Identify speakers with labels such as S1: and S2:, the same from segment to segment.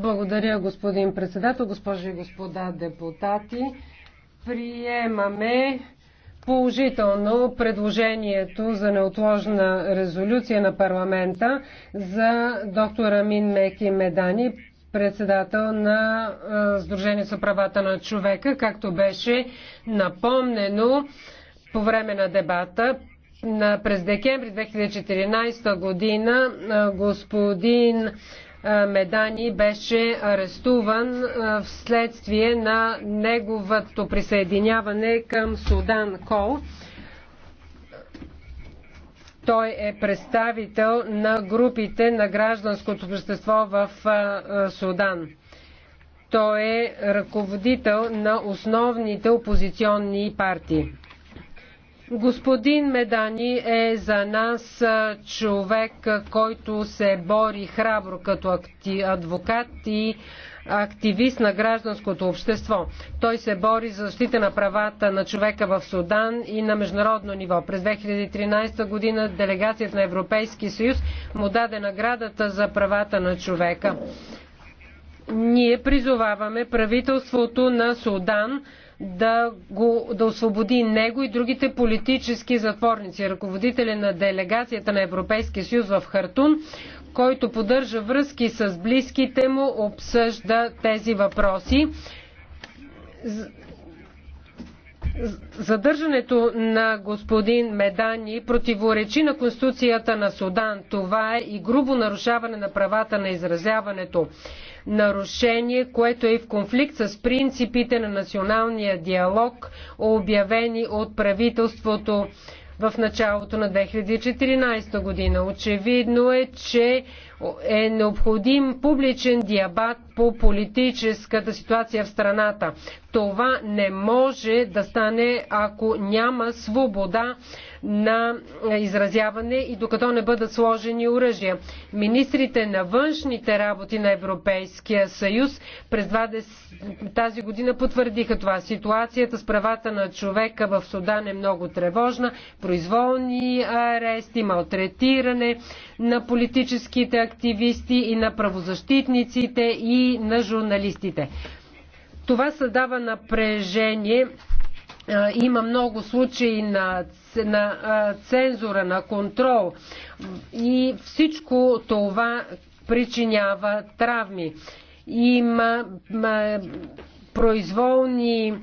S1: Благодаря, господин председател, госпожи и господа депутати. Приемаме положително предложението за неотложна резолюция на парламента за доктор Амин Меки Медани, председател на Сдружение за правата на човека, както беше напомнено по време на дебата. През декември 2014 година господин е, Медани беше арестуван е, вследствие на неговото присъединяване към Судан Кол. Той е представител на групите на гражданското общество в е, Судан. Той е ръководител на основните опозиционни партии. Господин Медани е за нас човек, който се бори храбро като адвокат и активист на гражданското общество. Той се бори за защита на правата на човека в Судан и на международно ниво. През 2013 година делегацията на Европейския съюз му даде наградата за правата на човека. Ние призоваваме правителството на Судан да, го, да освободи него и другите политически затворници. Ръководителя на делегацията на Европейския съюз в Хартун, който поддържа връзки с близките му, обсъжда тези въпроси Задържането на господин Медани противоречи на Конституцията на Судан. Това е и грубо нарушаване на правата на изразяването. Нарушение, което е в конфликт с принципите на националния диалог, обявени от правителството в началото на 2014 година. Очевидно е, че е необходим публичен диабат по политическата ситуация в страната. Това не може да стане, ако няма свобода на изразяване и докато не бъдат сложени оръжия. Министрите на външните работи на Европейския съюз през 20... тази година потвърдиха това. Ситуацията с правата на човека в Судан е много тревожна. Произволни арести, малтретиране на политическите активисти и на правозащитниците и на журналистите. Това създава напрежение има много случаи на, на цензура, на контрол и всичко това причинява травми. Има произволни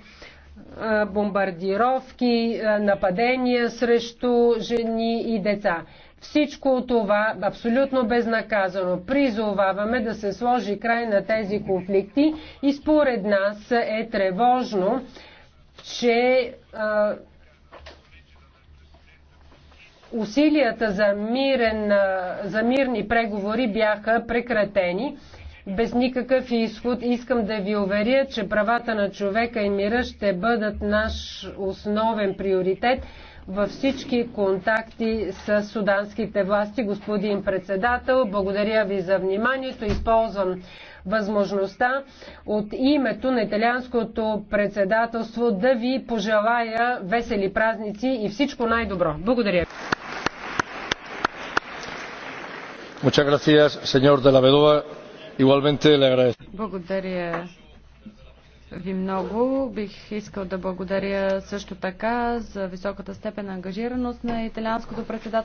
S1: бомбардировки, нападения срещу жени и деца. Всичко това абсолютно безнаказано. Призоваваме да се сложи край на тези конфликти и според нас е тревожно, че а, усилията за, мирен, за мирни преговори бяха прекратени без никакъв изход. Искам да ви уверя, че правата на човека и мира ще бъдат наш основен приоритет във всички контакти с суданските власти. Господин председател, благодаря ви за вниманието. Използвам възможността от името на италианското председателство да ви пожелая весели празници и всичко най-добро. Благодаря ви. Muchas gracias, señor de la Vedova. Благодаря ви много. Бих искал да благодаря също така за високата степен на ангажираност на италианското председателство.